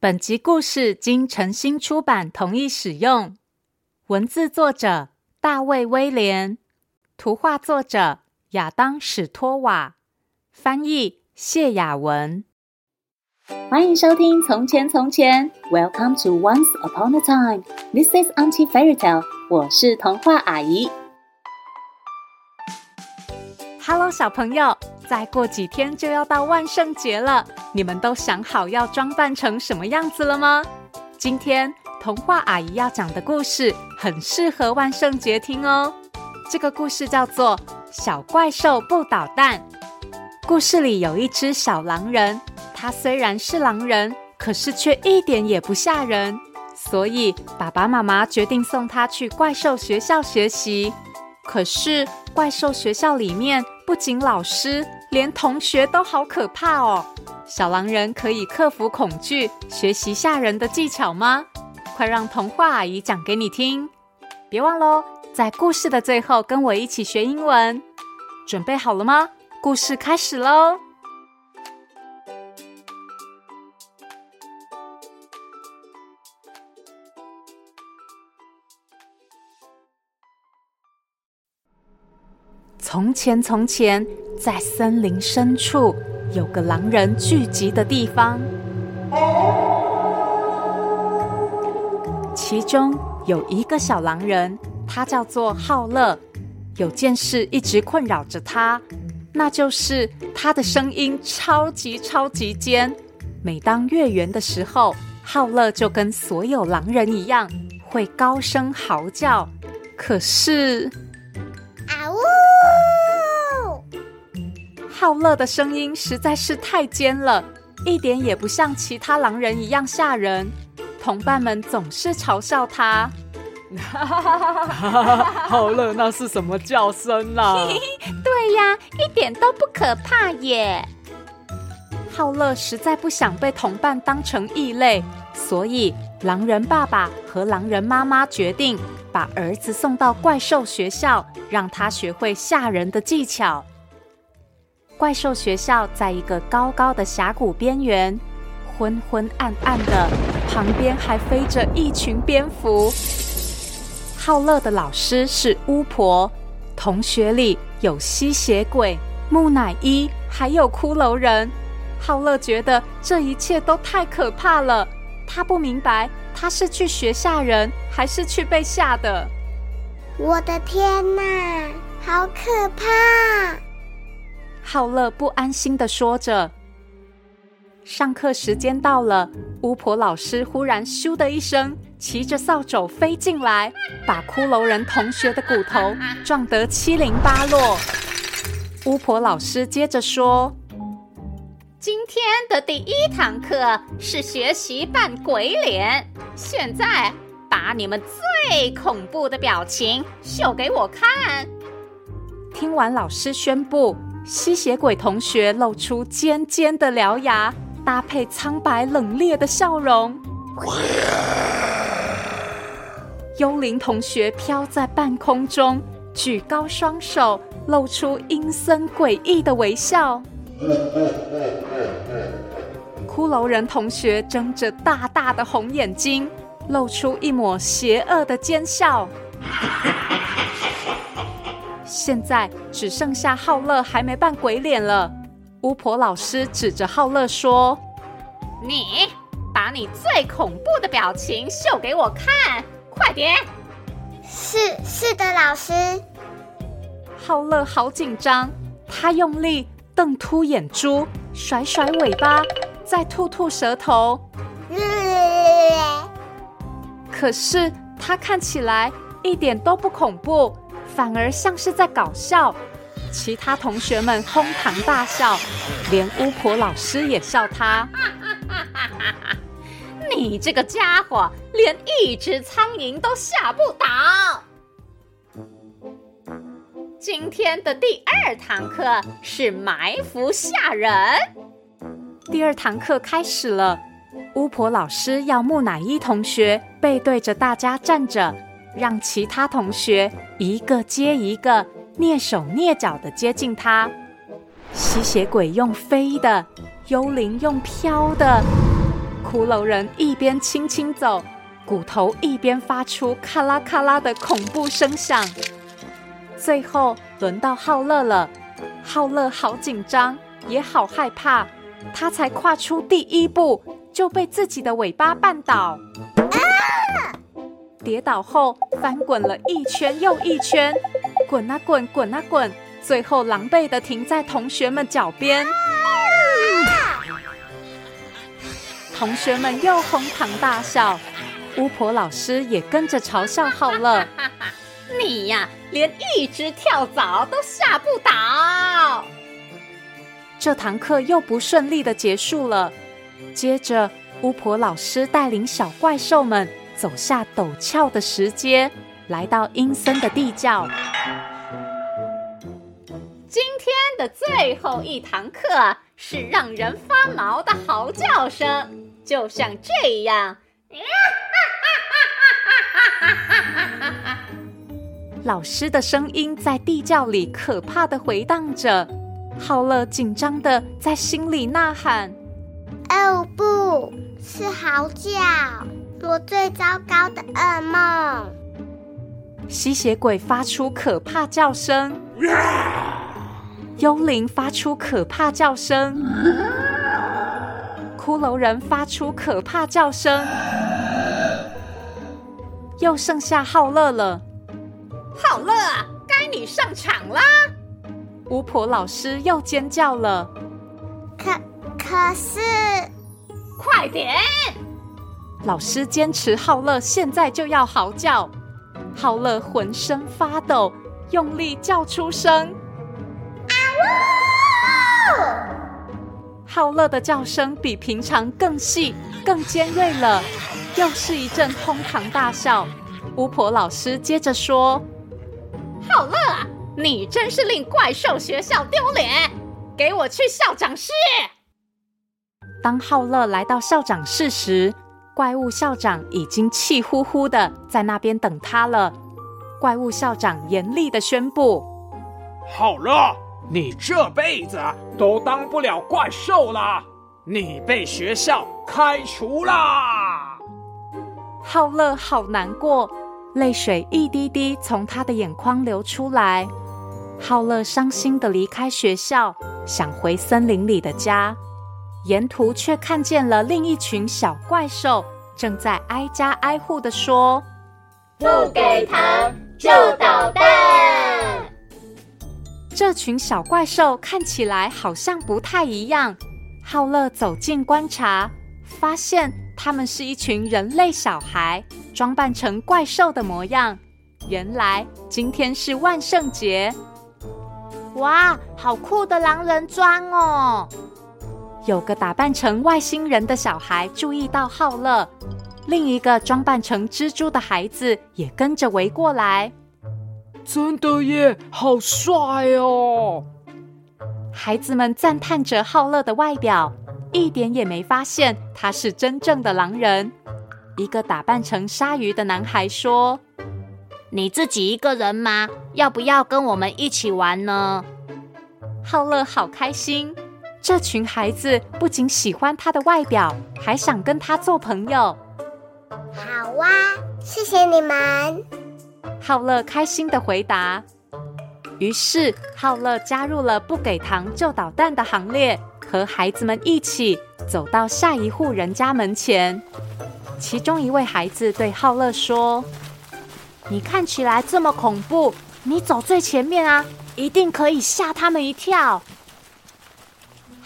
本集故事經晨星出版同意使用，文字作者大衛威廉，圖畫作者亞當史托瓦，翻譯謝雅文。歡迎收聽《從前從前》，Welcome to Once Upon a Time，This is Auntie Fairy Tale，我是童話阿姨。Hello，小朋友。再過幾天就要到萬聖節了，你們都想好要裝扮成什麼樣子了嗎？今天童話阿姨要講的故事很適合萬聖節聽哦。這個故事叫做《小怪獸不搗蛋》。故事裡有一隻小狼人，他雖然是狼人，可是卻一點也不嚇人，所以爸爸媽媽決定送他去怪獸學校學習。可是怪獸學校裡面不僅老師，連同學都好可怕哦。小狼人可以克服恐懼，學習嚇人的技巧嗎？快讓童話阿姨講給你聽。別忘嘍，在故事的最後跟我一起學英文。準備好了嗎？故事開始嘍。從前，從前，在森林深處有個狼人聚集的地方。其中有一個小狼人，他叫做浩樂。有件事一直困擾着他，那就是他的聲音超級超級尖。每當月圓的時候，浩樂就跟所有狼人一樣會高聲嚎叫。可是……浩樂的聲音實在是太尖了，一點也不像其他狼人一樣嚇人。同伴們總是嘲笑他。哈哈哈哈哈！浩樂那是什麼叫聲啦、啊？ 對呀、啊，一點都不可怕耶。浩樂實在不想被同伴當成異類，所以狼人爸爸和狼人媽媽決定把兒子送到怪獸學校，讓他學會嚇人的技巧。怪獸學校在一個高高的峽谷邊緣，昏昏暗暗的，旁邊還飛着一群蝙蝠。浩樂的老師是巫婆，同學裡有吸血鬼、木乃伊，還有骷髏人。浩樂覺得這一切都太可怕了，他不明白他是去學嚇人，還是去被嚇的。我的天哪，好可怕！浩樂不安心的說着：“上課時間到了。”巫婆老師忽然“咻”的一聲，騎着掃帚飛進來，把骷髏人同學的骨頭撞得七零八落。巫婆老師接着說：“今天的第一堂課是學習扮鬼臉，現在把你們最恐怖的表情秀給我看。”聽完老師宣布。吸血鬼同學露出尖尖的獠牙，搭配蒼白冷冽的笑容。 幽靈同學飄在半空中，舉高雙手，露出陰森詭異的微笑。 骷髏人同學睜着大大的紅眼睛，露出一抹邪惡的奸笑。 現在只剩下浩樂還沒扮鬼臉了。巫婆老師指着浩樂說：“你把你最恐怖的表情秀給我看，快點！”“是是的，老師。”浩樂好緊張，他用力瞪凸眼珠，甩甩尾巴，再吐吐舌頭。嗯。可是他看起來一點都不恐怖。反而像是在搞笑，其他同學們哄堂大笑，連巫婆老師也笑他。 你這個家伙，連一隻蒼蠅都嚇不倒。今天的第二堂課是埋伏嚇人。第二堂課開始了，巫婆老師要木乃伊同學背對着大家站着。讓其他同學一個接一個躡手躡腳地接近他，吸血鬼用飛的，幽靈用飄的，骷髏人一邊輕輕走，骨頭一邊發出咔啦咔啦的恐怖聲響。最後輪到浩樂了，浩樂好緊張，也好害怕，他才跨出第一步，就被自己的尾巴絆倒。跌倒後，翻滾了一圈又一圈，滾啊滾，滾啊滾，最後狼狽的停在同學們腳邊。啊、同學們又哄堂大笑，巫婆老師也跟着嘲笑浩樂。 你呀、啊，連一隻跳蚤都嚇不倒。這堂課又不順利的結束了。接着，巫婆老師帶領小怪獸們。走下陡峭的石階，來到陰森的地窖。今天的最後一堂課是讓人發毛的嚎叫聲，就像這樣。 老師的聲音在地窖裡可怕的回蕩着。浩樂緊張的在心裡吶喊：“哦，不是嚎叫。”我最糟糕的噩夢。吸血鬼發出可怕叫聲。啊！幽靈發出可怕叫聲。啊！骷髏人發出可怕叫聲。啊！又剩下浩樂了。浩樂啊，該你上場啦！巫婆老師又尖叫了。可可是，快點！老師堅持，浩樂現在就要嚎叫。浩樂渾身發抖，用力叫出聲。啊嗚！浩樂的叫聲比平常更細、更尖銳了。又是一陣鬨堂大笑。巫婆老師接着說：“浩樂，你真是令怪獸學校丟臉，給我去校長室。”當浩樂來到校長室時，怪物校長已經氣呼呼的在那邊等他了。怪物校長嚴厲的宣布：“浩樂，你這輩子都當不了怪獸啦，你被學校開除啦。”浩樂好難過，淚水一滴滴從他的眼眶流出來。浩樂傷心的離開學校，想回森林裡的家。沿途卻看見了另一群小怪獸，正在挨家挨戶地說：“不給糖就搗蛋。”這群小怪獸看起來好像不太一樣。浩樂走近觀察，發現他們是一群人類小孩，裝扮成怪獸的模樣。原來今天是萬聖節。哇，好酷的狼人裝哦！有個打扮成外星人的小孩注意到浩樂，另一個裝扮成蜘蛛的孩子也跟着圍過來。真的耶，好帥哦！孩子們讚嘆着浩樂的外表，一點也沒發現他是真正的狼人。一個打扮成鯊魚的男孩說：“你自己一個人嗎？要不要跟我們一起玩呢？”浩樂好開心。這群孩子不僅喜歡他的外表，還想跟他做朋友。好哇、啊，謝謝你們！浩樂開心地回答。於是，浩樂加入了不給糖就搗蛋的行列，和孩子們一起走到下一戶人家門前。其中一位孩子對浩樂說：“你看起來這麼恐怖，你走最前面啊，一定可以嚇他們一跳。”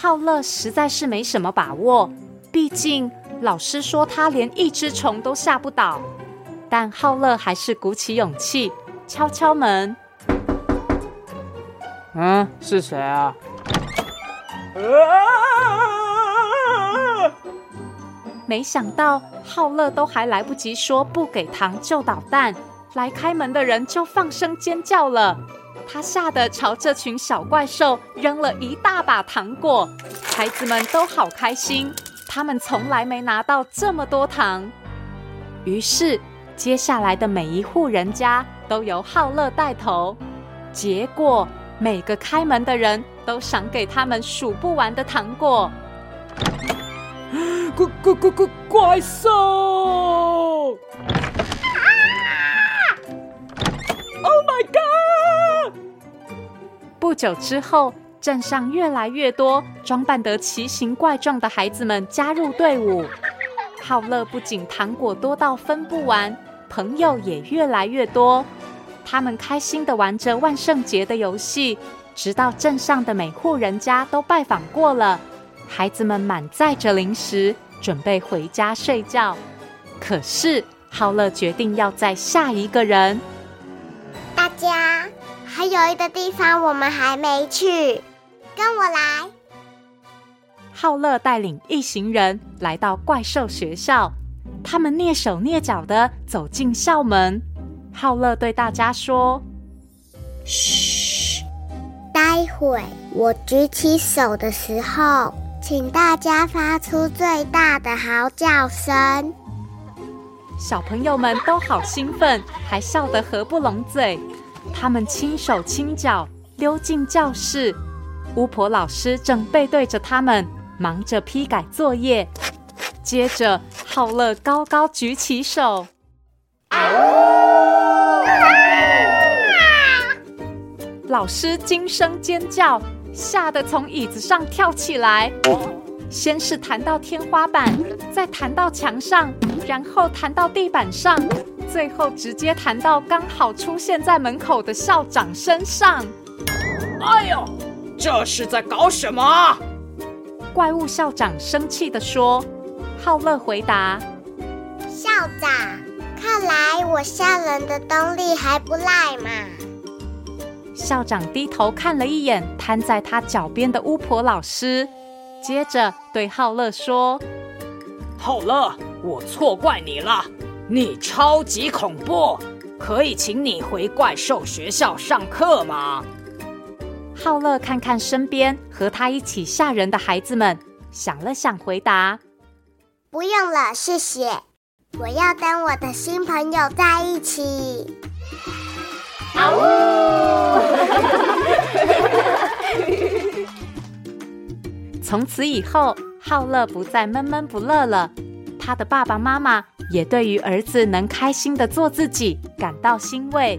浩樂實在是沒什麼把握，畢竟老師說他連一隻蟲都嚇不倒。但浩樂還是鼓起勇氣敲敲門。嗯，是誰啊？啊！沒想到浩樂都還來不及說不給糖就搗蛋，來開門的人就放聲尖叫了。他嚇得朝這群小怪獸扔了一大把糖果，孩子們都好開心，他們從來沒拿到這麼多糖。於是，接下來的每一戶人家都由浩樂帶頭，結果每個開門的人都賞給他們數不完的糖果。怪怪怪怪怪獸！不久之後，鎮上越來越多裝扮得奇形怪狀的孩子們加入隊伍。浩樂不僅糖果多到分不完，朋友也越來越多。他們開心地玩着萬聖節的遊戲，直到鎮上的每戶人家都拜訪過了。孩子們滿載着零食，準備回家睡覺。可是，浩樂決定要再嚇一個人。大家。還有一個地方我們還沒去，跟我來。浩樂帶領一行人來到怪獸學校，他們躡手躡腳的走進校門。浩樂對大家說：“噓噓，待會我舉起手的時候，請大家發出最大的嚎叫聲。”小朋友們都好興奮， 還笑得合不攏嘴。他們輕手輕腳溜進教室，巫婆老師正背對着他們，忙着批改作業。接着，浩樂高高舉起手，啊！老師驚聲尖叫，嚇得從椅子上跳起來。哦先是彈到天花板，再彈到牆上，然後彈到地板上，最後直接彈到剛好出現在門口的校長身上。哎呦，這是在搞什麼？怪物校長生氣地說。浩樂回答：“校長，看來我嚇人的功力還不賴嘛。”校長低頭看了一眼癱在他腳邊的巫婆老師。接着對浩樂說：“浩樂，我錯怪你了，你超級恐怖，可以請你回怪獸學校上課嗎？”浩樂看看身邊和他一起嚇人的孩子們，想了想回答：“不用了，謝謝，我要跟我的新朋友在一起。”從此以後，浩樂不再悶悶不樂了。他的爸爸媽媽也對於兒子能開心地做自己感到欣慰。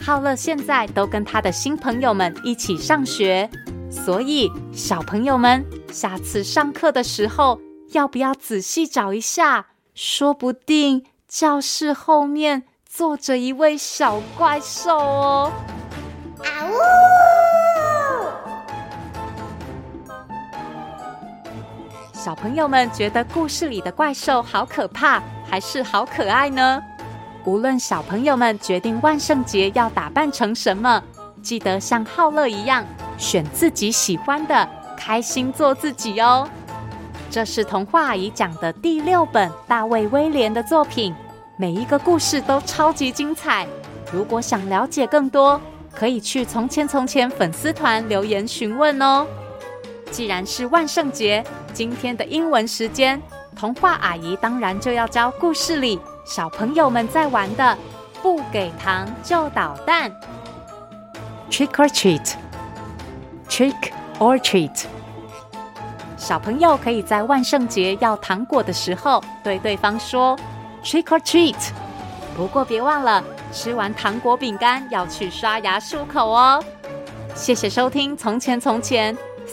浩樂現在都跟他的新朋友們一起上學，所以小朋友們下次上課的時候，要不要仔細找一下？說不定教室後面坐着一位小怪獸哦。啊嗚！小朋友們覺得故事裡的怪獸好可怕，還是好可愛呢？無論小朋友們決定萬聖節要打扮成什麼，記得像浩樂一樣，選自己喜歡的，開心做自己哦。這是童話已講的第六本大衛威廉的作品，每一個故事都超級精彩。如果想了解更多，可以去從前從前粉絲團留言詢問哦。既然是萬聖節。今天的英文時間，童話阿姨當然就要教故事裡小朋友們在玩的“不給糖就搗蛋”。Trick or treat, trick or treat。小朋友可以在萬聖節要糖果的時候對對方說 “trick or treat”，不過別忘了吃完糖果餅乾要去刷牙漱口哦。謝謝收聽《從前從前》。